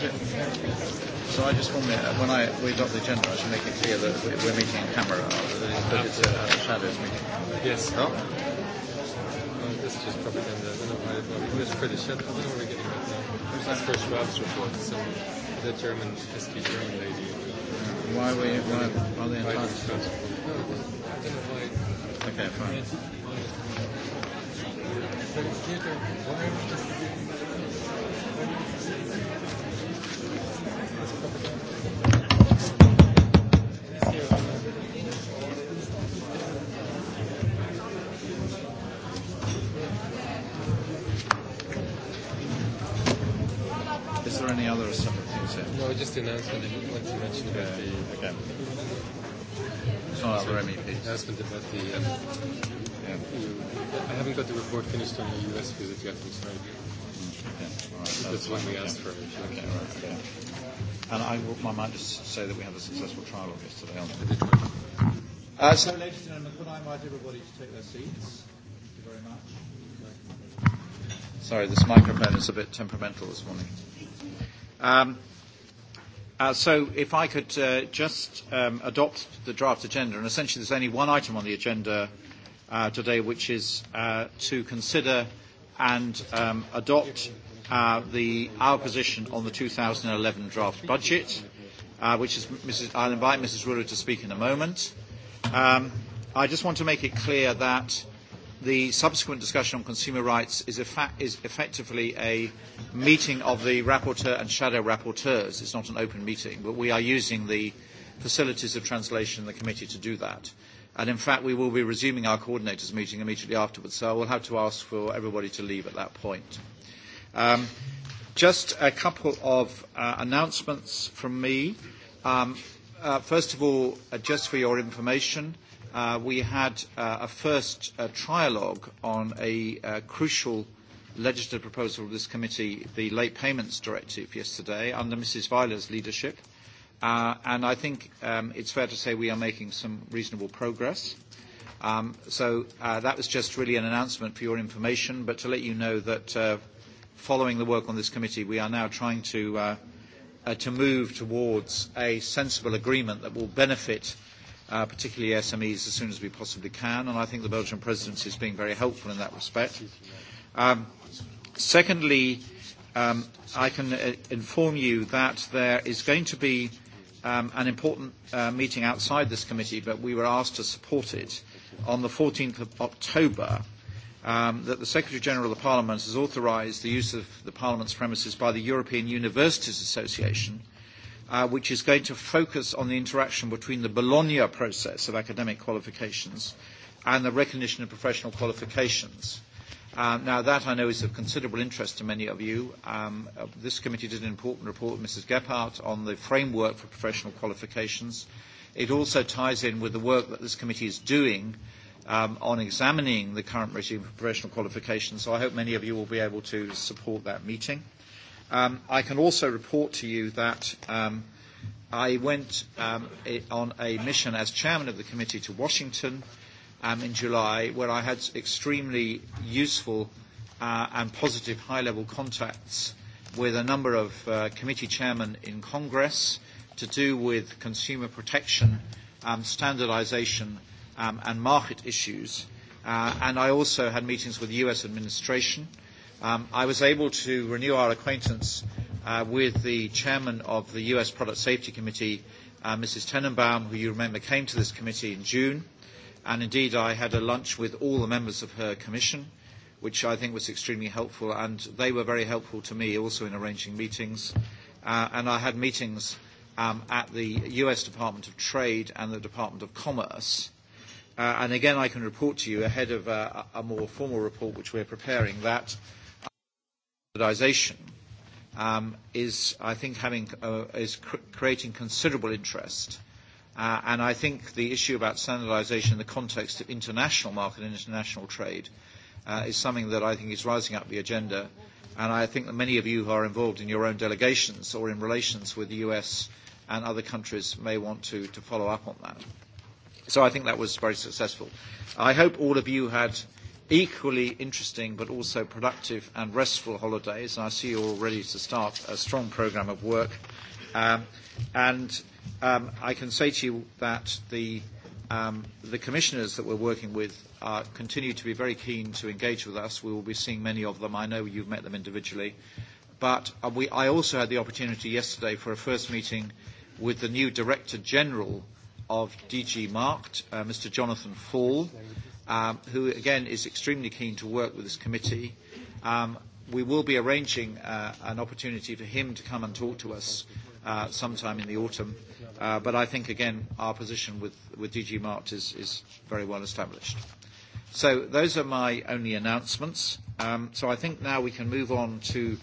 So I just want to, when I, we adopt the agenda, I should make it clear that we're meeting in camera, but it's a shadows meeting. Yes. Oh? Well, this is just propaganda. I don't know why, but it's British. I don't know what we're getting right now. Who's that? That's for Schwab's report. So the German, SD German lady. Why were you, why, why are they in touch? I don't know why. Okay, fine. Why are just... Is there any other separate things here? No, just the announcement that you mentioned to mention about the... Okay. It's not other MEPs. Announcement about the... Um, yeah. I haven't got the report finished on the US visit yet. I'm sorry. That's when we asked for it. Okay, all right. Okay. And I, will, I might just say that we had a successful trial of yesterday on uh, So, uh, ladies and gentlemen, could I invite everybody to take their seats? Thank you very much. Sorry, this microphone is a bit temperamental this morning. Um, Uh, so if I could uh, just um, adopt the draft agenda, and essentially there's only one item on the agenda uh, today, which is uh, to consider and um, adopt uh, the, our position on the 2011 draft budget, uh, which is Mrs. I'll invite Mrs. Ruler to speak in a moment. Um, I just want to make it clear that the subsequent discussion on consumer rights is, is effectively a meeting of the rapporteur and shadow rapporteurs. It's not an open meeting, but we are using the facilities of translation in the committee to do that. And in fact, we will be resuming our coordinators meeting immediately afterwards, so I will have to ask for everybody to leave at that point. Um, just a couple of uh, announcements from me. Um, uh, first of all, uh, just for your information, uh, we had uh, a first uh, trialogue on a uh, crucial legislative proposal of this committee, the Late Payments Directive, yesterday under Mrs. Weiler's leadership. Uh, and I think um, it's fair to say we are making some reasonable progress. Um, so uh, that was just really an announcement for your information, but to let you know that uh, following the work on this committee, we are now trying to, to move towards a sensible agreement that will benefit particularly SMEs as soon as we possibly can, and I think the Belgian presidency is being very helpful in that respect. Um, secondly, I can inform you that there is going to be um, an important uh, meeting outside this committee, but we were asked to support it on the 14th of October um, that the Secretary General of the Parliament has authorised the use of the Parliament's premises by the European Universities Association, uh, which is going to focus on the interaction between the Bologna process of academic qualifications and the recognition of professional qualifications. Uh, now, that I know is of considerable interest to many of you. Um, uh, this committee did an important report, Mrs. Gephardt, on the framework for professional qualifications. It also ties in with the work that this committee is doing um, on examining the current regime for professional qualifications, so I hope many of you will be able to support that meeting. Um, I can also report to you that um, I went um, on a mission as chairman of the committee to Washington um, in July, where I had extremely useful uh, and positive high-level contacts with a number of uh, committee chairmen in Congress to do with consumer protection, um, standardization, um, and market issues. Uh, and I also had meetings with the US administration. Um, I was able to renew our acquaintance uh, with the chairman of the US Product Safety Committee, uh, Mrs. Tenenbaum, who you remember came to this committee in June. And indeed, I had a lunch with all the members of her commission, which I think was extremely helpful. And they were very helpful to me also in arranging meetings. Uh, and I had meetings um, at the US Department of Trade and the Department of Commerce. Uh, and again, I can report to you ahead of uh, a more formal report which we're preparing that standardization um, is, I think, having, uh, is cr- creating considerable interest Uh, and I think the issue about standardization in the context of international market and international trade uh, is something that I think is rising up the agenda. And I think that many of you who are involved in your own delegations or in relations with the US and other countries may want to, to follow up on that. So I think that was very successful. I hope all of you had equally interesting but also productive and restful holidays. And I see you're all ready to start a strong program of work Um, and um, I can say to you that the, um, the commissioners that we're working with are, continue to be very keen to engage with us. We will be seeing many of them. I know you've met them individually. But uh, we, I also had the opportunity yesterday for a first meeting with the new Director General of DG Markt, uh, Mr. Jonathan Fall, um, who again is extremely keen to work with this committee. Um, we will be arranging uh, an opportunity for him to come and talk to us uh, sometime in the autumn. Uh, but I think, again, our position with, with DG Markt is, is very well established. So those are my only announcements. Um, so I think now we can move on to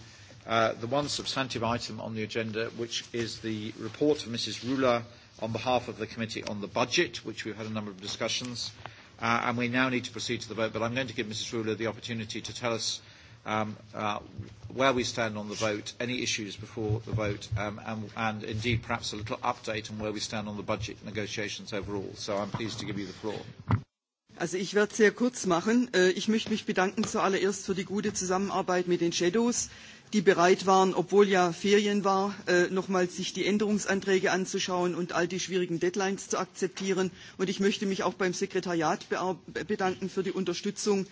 uh, the one substantive item on the agenda, which is the report of Mrs. Ruler on behalf of the Committee on the Budget, which we've had a number of discussions. Uh, and we now need to proceed to the vote, but I'm going to give Mrs. Ruler the opportunity to tell us um, uh, where we stand on the vote, any issues before the vote, um, and, and indeed perhaps a little update on where we stand on the budget negotiations overall. So I'm pleased to give you the floor. Also ich werde sehr kurz machen. Äh, ich möchte mich bedanken zuallererst für die gute Zusammenarbeit mit den Shadows, die bereit waren, obwohl ja Ferien war, äh, nochmals sich die Änderungsanträge anzuschauen und all die schwierigen Deadlines zu akzeptieren. Und ich möchte mich auch beim Sekretariat bedanken für die Unterstützung,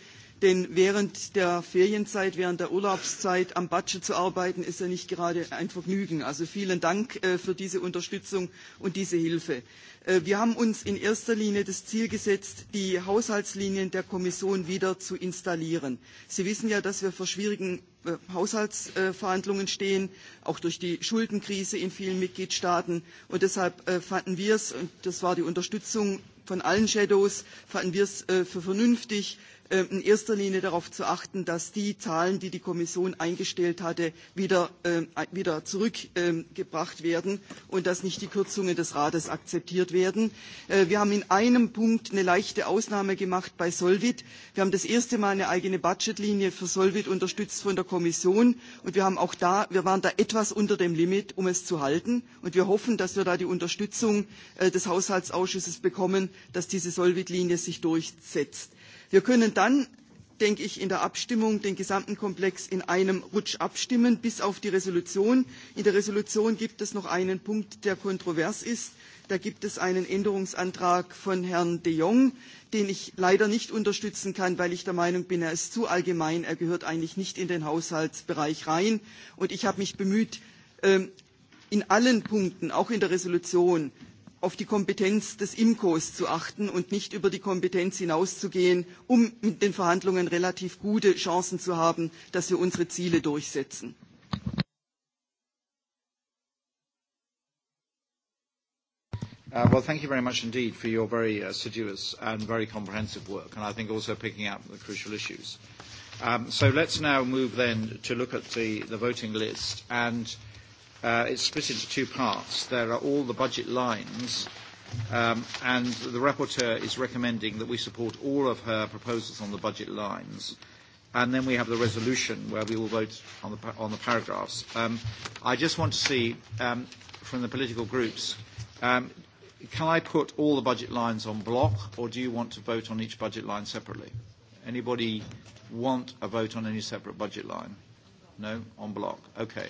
Denn während der Ferienzeit, während der Urlaubszeit am Budget zu arbeiten, ist ja nicht gerade ein Vergnügen. Also vielen Dank äh, für diese Unterstützung und diese Hilfe. Äh, wir haben uns in erster Linie das Ziel gesetzt, die Haushaltslinien der Kommission wieder zu installieren. Sie wissen ja, dass wir vor schwierigen äh, Haushaltsverhandlungen stehen, auch durch die Schuldenkrise in vielen Mitgliedstaaten. Und deshalb fanden wir es, und das war die Unterstützung von allen Shadows, fanden wir es für vernünftig, Äh, in erster Linie darauf zu achten, dass die Zahlen, die die Kommission eingestellt hatte, wieder, äh, wieder zurückgebracht ähm, werden und dass nicht die Kürzungen des Rates akzeptiert werden. Äh, wir haben in einem Punkt eine leichte Ausnahme gemacht bei Solvit. Wir haben das erste Mal eine eigene Budgetlinie für Solvit unterstützt von der Kommission und wir, haben auch da, wir waren da etwas unter dem Limit, um es zu halten. Und wir hoffen, dass wir da die Unterstützung des Haushaltsausschusses bekommen, dass diese Solvit-Linie sich durchsetzt. Wir können dann, denke ich, in der Abstimmung den gesamten Komplex in einem Rutsch abstimmen, bis auf die Resolution. In der Resolution gibt es noch einen Punkt, der kontrovers ist. Da gibt es einen Änderungsantrag von Herrn de Jong, den ich leider nicht unterstützen kann, weil ich der Meinung bin, er ist zu allgemein, er gehört eigentlich nicht in den Haushaltsbereich rein. Und ich habe mich bemüht, ähm, in allen Punkten, auch in der Resolution, auf die Kompetenz des IMKOs zu achten und nicht über die Kompetenz hinauszugehen, um mit den Verhandlungen relativ gute Chancen zu haben, dass wir unsere Ziele durchsetzen. Uh, well, thank you very much indeed for your very uh, assiduous and very comprehensive work, and I think also picking up the crucial issues. Um, so let's now move then to look at the, the voting list. And Uh, it's split into two parts. There are all the budget lines, um, and the rapporteur is recommending that we support all of her proposals on the budget lines. And then we have the resolution where we will vote on the, on the paragraphs. Um, I just want to see um, from the political groups, um, can I put all the budget lines on block, or do you want to vote on each budget line separately? Anybody want a vote on any separate budget line? No? On block. Okay.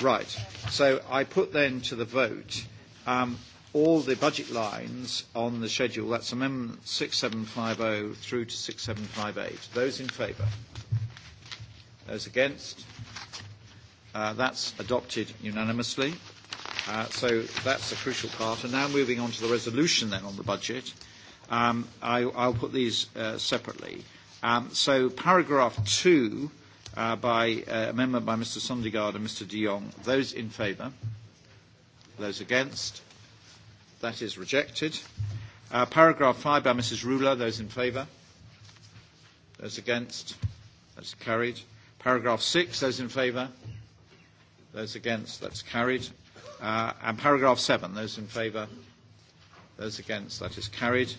Right. So I put then to the vote um, all the budget lines on the schedule. That's Amendment 6750 through to 6758. Those in favour? Those against? Uh, that's adopted unanimously. Uh, so that's a crucial part. And now moving on to the resolution then on the budget. Um, I, I'll put these uh, separately. Um, so paragraph two uh, by uh, amendment by Mr. Sondergaard and Mr. de Jong. Those in favour? Those against? That is rejected. Uh, paragraph 5 by Mrs. Ruler. Those in favour? Those against? That's carried. Paragraph 6. Those in favour? Those against? That's carried. Uh, and paragraph 7. Those in favour? Those against? That is carried.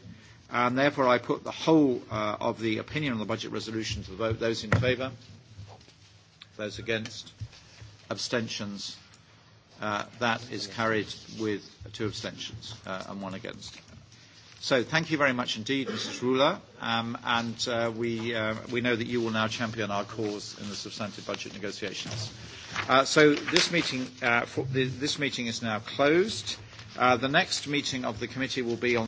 And therefore, I put the whole uh, of the opinion on the budget resolution to the vote. Those in favour? Those against? Abstentions? Uh, that is carried with two abstentions uh, and one against. So thank you very much indeed, Mrs. Ruler, um, and uh, we, uh, we know that you will now champion our cause in the substantive budget negotiations. Uh, so this meeting, uh, for the, this meeting is now closed. Uh, the next meeting of the committee will be on